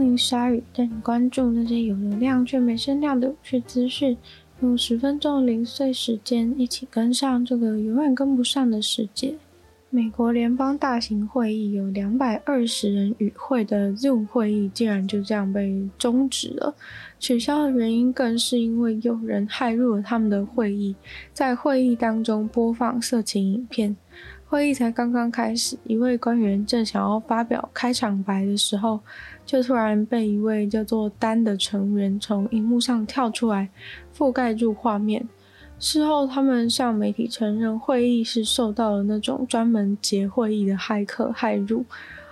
歡迎鯊魚帶你關注那些有流量卻沒聲量的有趣資訊，用十分鐘零碎時間一起跟上這個永遠跟不上的世界。美國聯邦大型會議，有兩百二十人與會的 Zoom 會議竟然就這樣被終止了，取消的原因更是因為有人駭入了他們的會議，在會議當中播放色情影片。會議才剛剛開始，一位官員正想要發表開場白的時候，就突然被一位叫做丹的成員從螢幕上跳出來，覆蓋住畫面。事後，他們向媒體承認，會議是受到了那種專門劫會議的駭客駭入。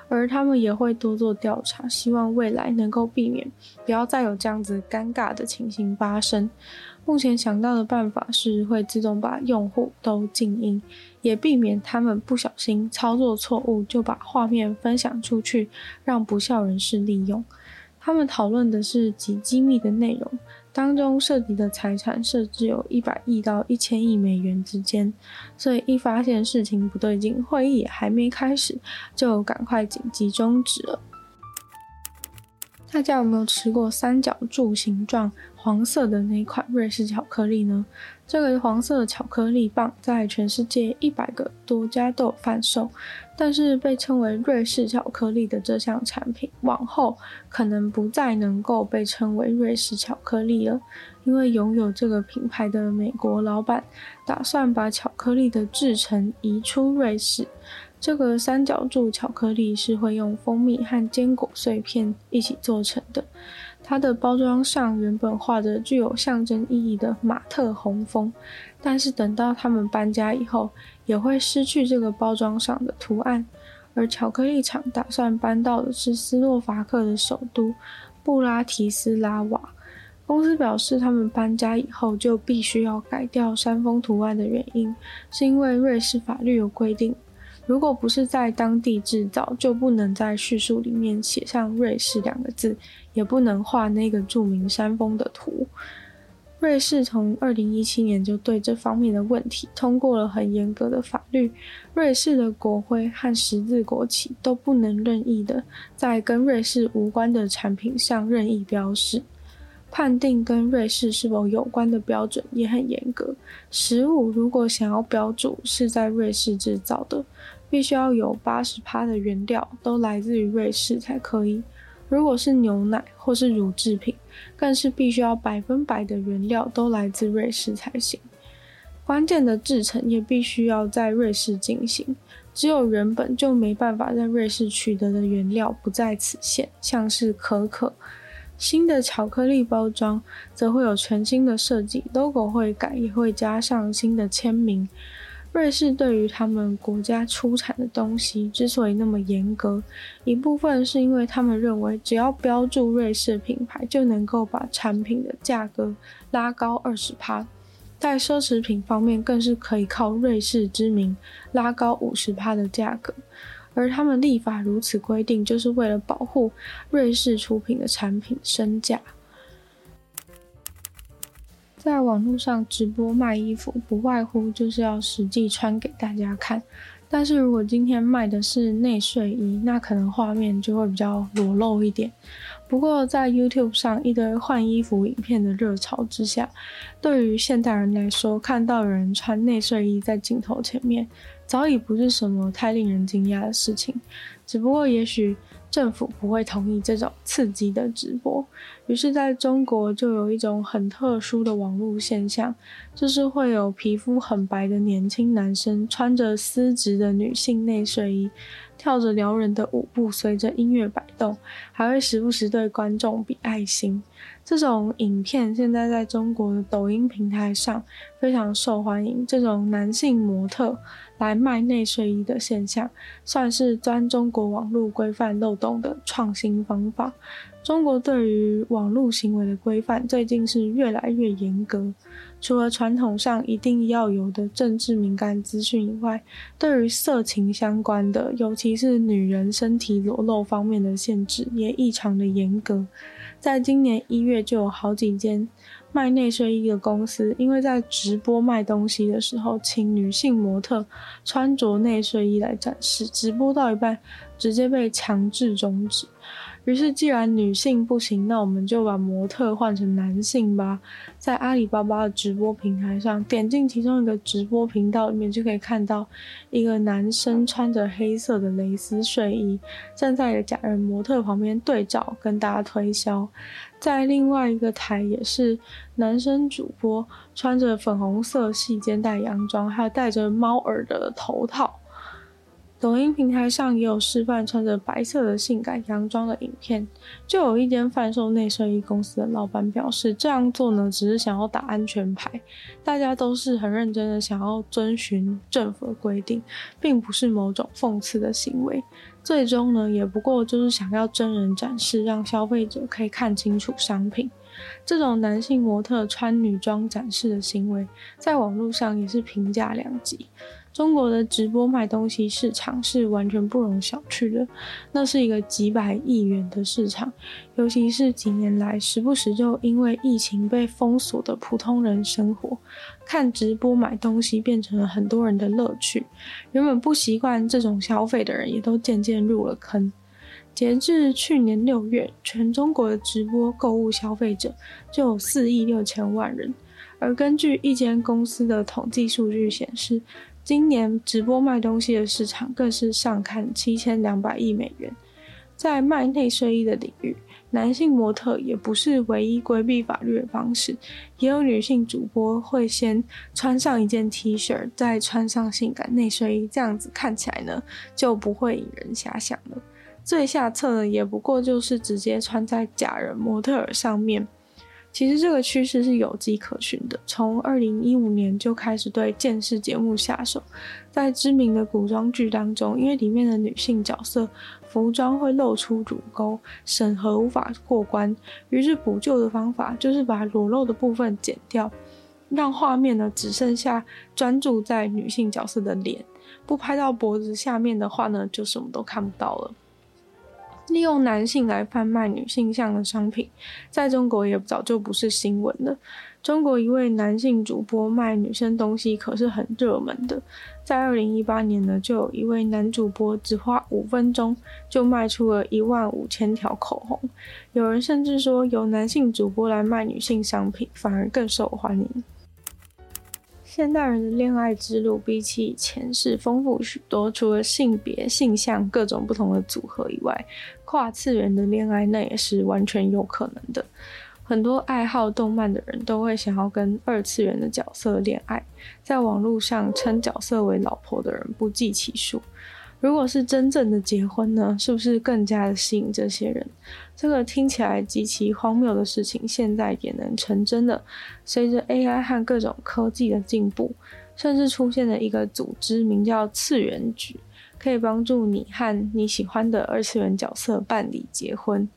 而他們也會多做調查，希望未來能夠避免，不要再有這樣子尷尬的情形發生。目前想到的辦法是會自動把用戶都靜音，也避免他們不小心操作錯誤就把畫面分享出去，讓不肖人士利用。他們討論的是極機密的內容。當中涉及的財產設置有一百億到一千億美元之間，所以一發現事情不對勁，會議還沒開始，就趕快緊急終止了。大家有沒有吃過三角柱形狀、黃色的那一款瑞士巧克力呢？這個黃色巧克力棒在全世界一百多個國家都有販售，但是被稱為瑞士巧克力的這項產品，往後可能不再能夠被稱為瑞士巧克力了，因為擁有這個品牌的美國老闆打算把巧克力的製程移出瑞士。這個三角柱巧克力是會用蜂蜜和堅果碎片一起做成的。它的包裝上原本畫着具有象徵意義的馬特洪峰，但是等到他們搬家以後，也會失去這個包裝上的圖案。而巧克力廠打算搬到的是斯洛伐克的首都布拉提斯拉瓦。公司表示，他們搬家以後就必須要改掉山峰圖案的原因，是因為瑞士法律有規定。如果不是在當地制造，就不能在敘述裡面寫上“瑞士”兩個字，也不能畫那個著名山峰的圖。瑞士從二零一七年就對這方面的問題通過了很嚴格的法律。瑞士的國徽和十字國旗都不能任意的在跟瑞士無關的產品上任意標示。判定跟瑞士是否有關的標準也很嚴格。食物如果想要標註是在瑞士制造的，必須要有八十趴的原料都來自於瑞士才可以。如果是牛奶或是乳製品，更是必須要百分百的原料都來自瑞士才行。關鍵的製程也必須要在瑞士進行。只有原本就沒辦法在瑞士取得的原料不在此限，像是可可。新的巧克力包裝則會有全新的設計，logo 會改，也會加上新的簽名。瑞士對於他們國家出產的東西之所以那麼嚴格，一部分是因為他們認為，只要標注瑞士品牌，就能夠把產品的價格拉高二十趴。在奢侈品方面，更是可以靠瑞士之名拉高五十趴的價格。而他們立法如此規定，就是為了保護瑞士出品的產品身價。在網絡上直播賣衣服，不外乎就是要實際穿給大家看。但是如果今天賣的是內睡衣，那可能畫面就會比較裸露一點。不過，在 YouTube 上一堆換衣服影片的熱潮之下，對於現代人來說，看到有人穿內睡衣在鏡頭前面，早已不是什麼太令人驚訝的事情。只不過，也許政府不會同意這種刺激的直播，於是在中國就有一種很特殊的網絡現象，就是會有皮膚很白的年輕男生穿着絲質的女性內睡衣。跳着撩人的舞步，隨着音樂擺動，還會時不時對觀眾比愛心。這種影片現在在中國的抖音平台上非常受歡迎。這種男性模特來賣內睡衣的現象，算是鑽中國網絡規範漏洞的創新方法。中國對於網絡行為的規範最近是越來越嚴格。除了傳統上一定要有的政治敏感資訊以外，對於色情相關的，尤其是女人身體裸露方面的限制也異常的嚴格。在今年一月，就有好幾間賣內睡衣的公司，因為在直播賣東西的時候，請女性模特穿着內睡衣來展示，直播到一半，直接被強制中止。於是，既然女性不行，那我們就把模特換成男性吧。在阿里巴巴的直播平台上，點進其中一個直播頻道裡面，就可以看到一個男生穿着黑色的蕾絲睡衣，站在一個假人模特旁邊對照，跟大家推銷。在另外一個台，也是男生主播穿着粉紅色細肩帶洋裝，還有戴着貓耳的頭套。抖音平台上也有示範穿着白色的性感洋裝的影片，就有一間販售內睡衣公司的老闆表示，這樣做呢只是想要打安全牌，大家都是很認真的想要遵循政府的規定，並不是某種諷刺的行為。最終呢，也不過就是想要真人展示，讓消費者可以看清楚商品。這種男性模特穿女裝展示的行為，在網絡上也是評價兩極。中國的直播買東西市場是完全不容小覷的，那是一個幾百億元的市場。尤其是幾年來，時不時就因為疫情被封鎖的普通人生活，看直播買東西變成了很多人的樂趣。原本不習慣這種消費的人，也都漸漸入了坑。截至去年六月，全中國的直播購物消費者就有四億六千萬人。而根據一間公司的統計數據顯示，今年直播賣東西的市場更是上看七千兩百億美元。在賣內睡衣的領域，男性模特也不是唯一規避法律的方式，也有女性主播會先穿上一件 T 恤，再穿上性感內睡衣，這樣子看起來呢就不會引人遐想了。最下策呢，也不過就是直接穿在假人模特兒上面。其實這個趨勢是有跡可循的。從二零一五年就開始對電視節目下手，在知名的古裝劇當中，因為裡面的女性角色服裝會露出乳溝，審核無法過關，於是補救的方法就是把裸露的部分剪掉，讓畫面呢只剩下專注在女性角色的臉，不拍到脖子下面的話呢，就什麼都看不到了。利用男性來販賣女性向的商品，在中國也早就不是新聞了。中國一位男性主播賣女生東西可是很熱門的，在二零一八年呢，就有一位男主播只花五分鐘就賣出了一萬五千條口紅。有人甚至說，由男性主播來賣女性商品反而更受歡迎。現代人的戀愛之路比起以前是豐富許多，除了性別、性向各種不同的組合以外，跨次元的戀愛那也是完全有可能的。很多愛好動漫的人都會想要跟二次元的角色戀愛，在網絡上稱角色為老婆的人不計其數。如果是真正的結婚呢，是不是更加的吸引這些人？這個聽起來極其荒謬的事情，現在也能成真了。隨着 AI 和各種科技的進步，甚至出現了一個組織，名叫次元局，可以幫助你和你喜歡的二次元角色辦理結婚。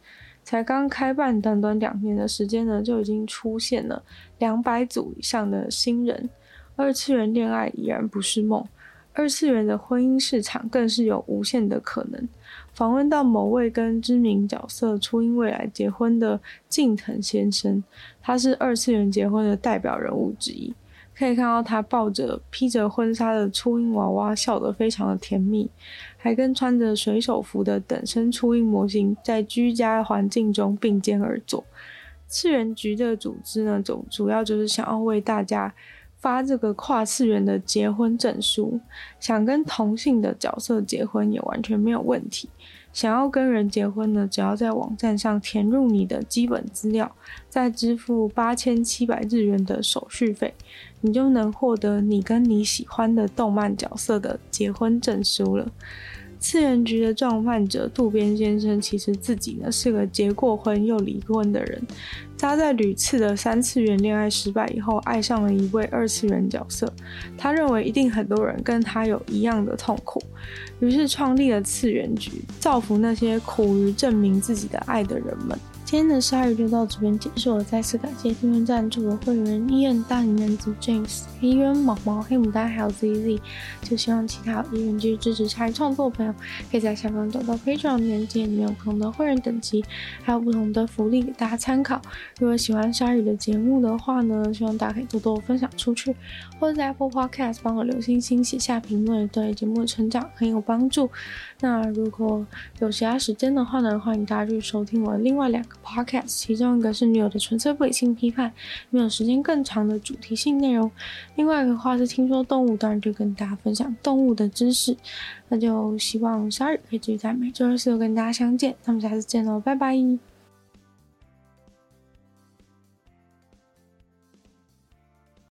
才剛開辦短短兩年的時間呢，就已經出現了兩百組以上的新人。二次元戀愛已然不是夢。二次元的婚姻市場更是有無限的可能。訪問到某位跟知名角色初音未來結婚的近藤先生，他是二次元結婚的代表人物之一。可以看到他抱着披着婚紗的初音娃娃，笑得非常的甜蜜，還跟穿着水手服的等身初音模型在居家環境中並肩而坐。次元局的組織呢，總主要就是想要為大家發這個跨次元的結婚證書，想跟同性的角色結婚也完全沒有問題。想要跟人結婚呢，只要在網站上填入你的基本資料，再支付八千七百日元的手續費，你就能獲得你跟你喜歡的動漫角色的結婚證書了。次元局的創辦者渡邊先生，其實自己呢是個結過婚又離婚的人。他在屢次的三次元戀愛失敗以後，愛上了一位二次元角色。他認為一定很多人跟他有一樣的痛苦，於是創立了次元局，造福那些苦於證明自己的愛的人們。今天的鯊魚就到這邊結束，我再次感謝訂閱贊助的會員：醫院大男子 James 黑、黑淵毛毛、黑牡丹，還有 Z Z。就希望其他會員繼續支持鯊魚創作的朋友可以在下方找到 Patreon 鏈接裡面有不同的會員等級，還有不同的福利給大家參考。如果喜歡鯊魚的節目的話呢，希望大家可以多多分享出去，或者在 Apple Podcast 幫我留星星、寫下評論，對節目的成長很有幫助。那如果有其他時間的話呢，歡迎大家繼續收聽我的另外兩個。podcast，其中一個是女友的純粹不理性批判，沒有時間更長的主題性內容。另外一個話是聽說動物，當然就跟大家分享動物的知識。那就希望鯊語可以繼續在每週二四六跟大家相見。那麼下次見嘍，拜拜。